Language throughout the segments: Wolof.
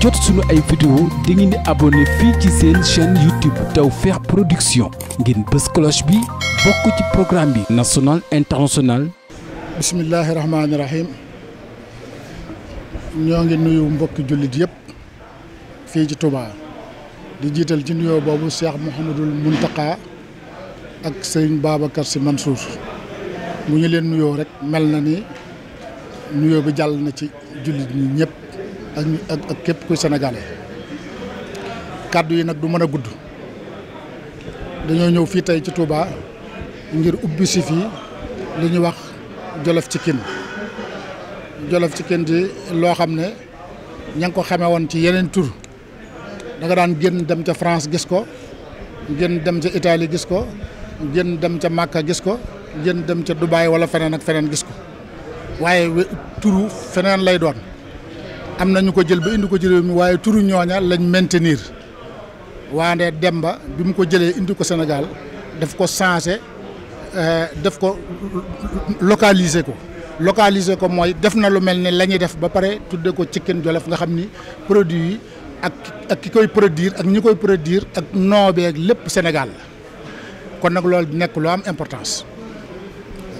jot suñu ay vidéo da ngeen di abonné fii ci seen chaîne YouTube Tawfekh Production ngeen bës cloche bi bokk ci programme bi national international bismillahi rahmaani rahim ñoo ngi nuyu mbokki jullit yëpp fii ci Touba di jiital ci nuyoo boobu Cheikh Mouhamadul Mountakha ak sëriñ Babacar man Mansour mu ñu leen nuyoo rek mel na ni nuyoo bi jàll na ci jullit ñi ñëpp ak ak képp kuy senegale kàddu yi nag du mën a gudd dañoo ñëw fii tey ci Touba ngir ubbi si fii li ñu wax Jolof ci Chicken Jolof Chicken di loo xam ne ña ngi ko xamee woon ci yeneen tur danga daan génn dem ca France gis ko génn dem ca Italie gis ko génn dem ca Màkka gis ko génn dem ca Dubaay wala feneen ak feneen gis ko waaye turu feneen lay doon am na ñu ko jël ba indi ko jëlee réew mi waaye turu ñooña lañ maintenir waande Demba bi mu ko jëlee indi ko Sénégal daf ko changé euh, daf ko localiser ko localiser ko mooy def na lu mel ni la ñuy def ba pare tudde ko Chicken Jolof nga xam ni produit yi ak ak ki koy produir ak ñi koy produire ak noobeeg lépp Sénégal la kon nag loolu nekk lu am importance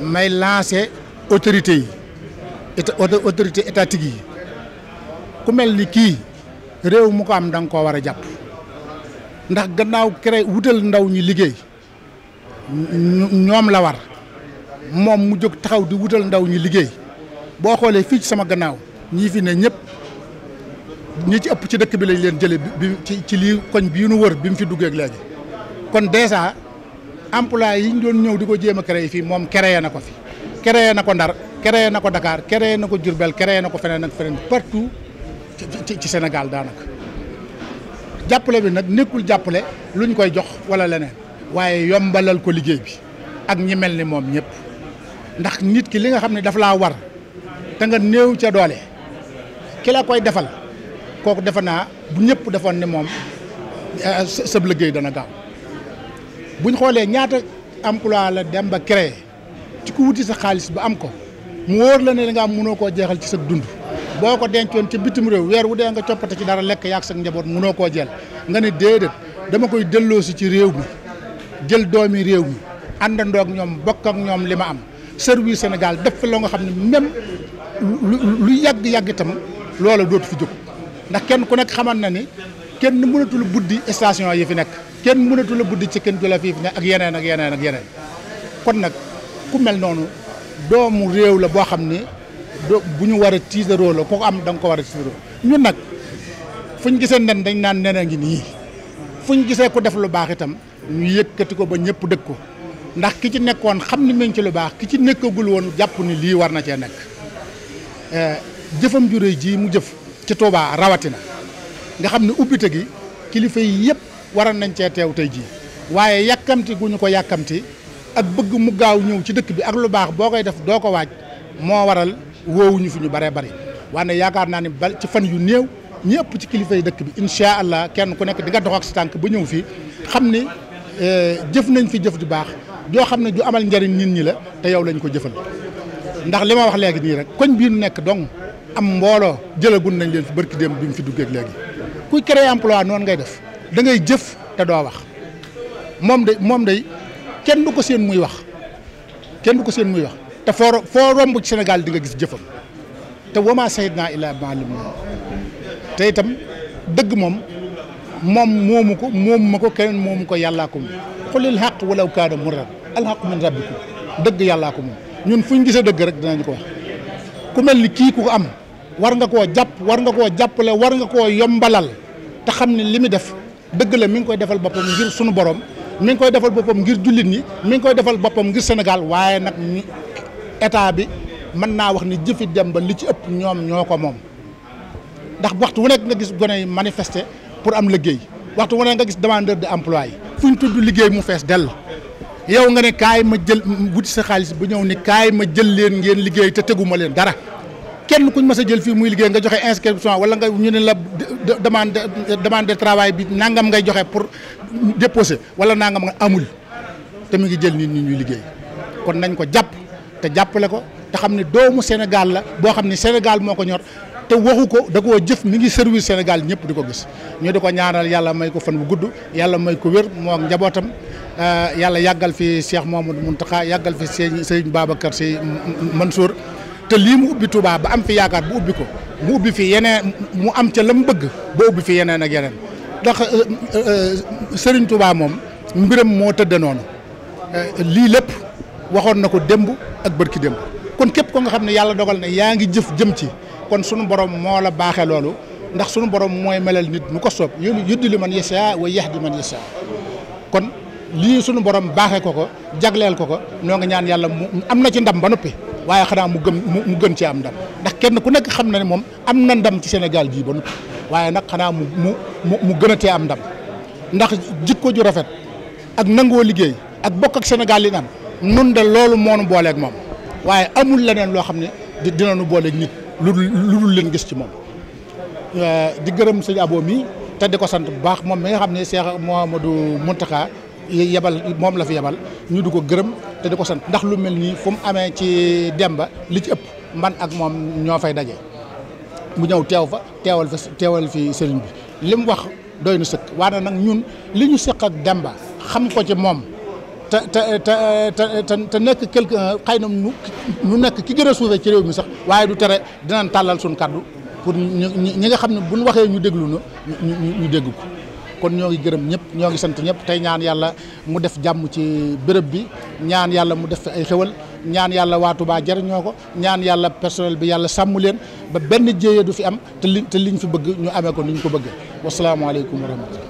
may lancé autorités yi autorité étatique yi ku mel ni kii réew mu ko am danga nga koo war a jàpp ndax gannaaw créé wutal ndaw ñi liggéey ñoom la war moom mu jóg taxaw di wutal ndaw ñi liggéey boo xoolee fii ci sama gannaaw ñii fi ne ñëpp ñi ci ëpp ci dëkk bi lañ leen jële bi ci ci lii koñ bii nu wër bi mu fi duggeek léegi kon dèjà emploi yi ñu doon ñëw di ko jéem a créé fii moom créé na ko fi créé na ko Ndar créé na ko Dakar créé na ko Diourbel créé na ko feneen ak feneen partout ci ci Sénégal daanaka jàppale bi nag nekkul jàppale lu ñu koy jox wala leneen waaye yombalal ko liggéey bi ak ñi mel ni moom ñëpp ndax nit ki li nga xam ne daf laa war te nga néew ca doole ki koy defal kooku defa naa bu ñëpp defoon ne moom euh, sab liggéey dana gaaw buñ xoolee ñaata emploi la dem ba créé ci ku wuti sa xaalis ba am ko mu wóor la ne da nga am mënoo koo jeexal ci sa dund boo ko dencoon ci bitim réew weer wu dee nga coppate ci dara lekk yaag sa njaboot munoo koo jël nga ne déedéet dama koy delloo si ci réew mi jël doomi réew mi àndandoog ñoom bokk ak ñoom li ma am service Sénégal def loo nga xam ne même lu yàgg-yàgg itam loola dootu fi jóg ndax kenn ku nekk xaman na ni kenn mënatul buddi station yi fi nekk kenn mënatul buddi ci kenn jula fii fi nekk ak yeneen ak yeneen ak yeneen kon nag ku mel noonu doomu réew la boo xam ni bu ñu war a tiitaroo la ku ko am da nga ko war a tiitaroo ñun nag fu ñu gisee nen dañ naan nen a ngi nii fu ñu gisee ku def lu baax itam ñu yëkkati ko ba ñëpp dëkk ko ndax ki ci nekkoon xam ni meñ ci lu baax ki ci nekkagul woon jàpp ni lii war na cee nekk eh, jëfam ju jii mu jëf ci Touba rawatina nga xam ne ubbite gi kilifa yi yëpp waroon nañ cee teew tey jii waaye yàkkamti gu ñu ko yàkkamti ak bëgg mu gaaw ñëw ci dëkk bi ak lu baax boo koy def doo ko waaj moo waral woowuñu fi ñu baree bari waane yaakaar naa ni ba ci fan yu néew ñëpp ci kilifa yi dëkk bi incha allah kenn ku nekk dinga nga dox ak sa tànk ba ñëw fii xam ni eh, jëf nañ fi jëf ju baax joo xam ne ju amal njariñ nit ñi la te yow lañ ko jëfal ndax li ma wax léegi nii rek koñ bii nu nekk dong am mbooloo jëlagun nañ leen fi barki démb bi mu fi duggeeg léegi kuy créer emploi noonu ngay def da ngay jëf te doo wax moom de moom day kenn du ko seen muy wax kenn du ko seen muy wax te foo foo romb ci Sénégal di nga gis jëfam te wama sayidna ila maalim te itam dëgg moom moom moom ko moomu ma ko keneen moom ko yàllaa ko moom xulil xaq walaw kaana murran alxaqu min rabbikum dëgg yàllaa ko moom ñun fu ñu gisee dëgg rek dinañ ko wax ku mel ni kii ku am war nga koo jàpp war nga koo jàppale war nga koo yombalal te xam ne li mu def dëgg la mi ngi koy defal boppam ngir sunu borom mi ngi koy defal boppam ngir jullit ñi mi ngi koy defal boppam ngir Sénégal waaye nag état bi mën naa wax ni jëfi dem ba li ci ëpp ñoom ñoo ko moom ndax waxtu wu nekk nga gis gone yi manifester pour am liggéey waxtu wu nekk nga gis demandeur de emploi yi fu ñu tudd liggéey mu fees dell yow nga ne kaay ma jël wuti sa xaalis bu ñëw ni kaay ma jël leen ngeen liggéey te teguma leen dara kenn kuñ mas a jël fii muy liggéey nga joxe inscription wala nga ñu ne la demande demande de bi nangam ngay joxe pour déposer wala nangam nga amul te ngi jël nit ñi ko jàpp te jàppale ko te xam ne doomu Sénégal la boo xam ni Sénégal moo ko ñor te waxu ko da koo jëf mi ngi service Sénégal ñëpp di ko gis ñu di ko ñaanal yàlla may ko fan bu gudd yàlla may ko wér moo ak njabootam euh, yàlla yàggal fi Cheikh Mouhamadou Mountakha yàggal fi sëñ sëñ Babacar Sy Mansour te lii mu ubbi Touba ba am fi yaakaar bu ubbi ko mu ubbi fi yeneen mu am ca la bëgg ba ubbi fi yeneen ak yeneen ndax euh, euh, Serigne Touba moom mbiram moo tëdd noonu lii lépp. waxoon na ko démb ak bët ki démb kon képp ko nga xam ne yàlla dogal na yaa ngi jëf jëm ci kon sunu borom moo la baaxee loolu ndax sunu borom mooy melal nit mu ko soob yolu yuddi li man yasa wa yeex yahdi man yasa kon lii sunu borom baaxee ko ko jagleel ko ko noo nga ñaan yàlla mu am na ci ndam ba noppi waaye xanaa mu gëm mu gën ci am ndam ndax kenn ku nekk xam na ne moom am na ndam ci Sénégal gii ba waaye nag xanaa mu mu mu mu gën a tee am ndam ndax jikko ju rafet ak nangoo liggéey ak bokk ak Sénégal li nun de loolu moonu booleeg moom waaye amul leneen loo xam ne di dinañu booleeg nit lu dul leen gis ci moom euh, di gërëm sëñ Abo mi te di ko sant bu baax moom mi nga xam ne Cheikh Mouhamadou Mountakha yebal moom la fi yebal ñu di ko gërëm te di ko sant ndax lu mel nii fu amee ci Demba li ci ëpp man ak moom ñoo fay daje mu ñëw teew fa teewal fa teewal fi sëriñ bi li mu wax doy na sëkk waaye nag ñun li ñu sëq ak Demba xam ko ci moom te te te te te nekk quelque euh, xëy na nu nu nekk ki gën a suufee ci réew mi sax waaye du tere dinañ tàllal suñu kàddu pour ñu ñi nga xam ne buñ waxee ñu déglu na ñu ñu dégg ko kon ñoo ngi gërëm ñëpp ñoo ngi sant ñëpp tey ñaan yàlla mu def jàmm ci béréb bi ñaan yàlla mu def ay xéwal ñaan yàlla waa Touba jariñoo ko ñaan yàlla personnel bi yàlla sàmm leen ba benn jéyee du fi am te li te liñ fi bëgg ñu amee ko ni ñu ko bëggee wasalaamaaleykum wa rahmatullah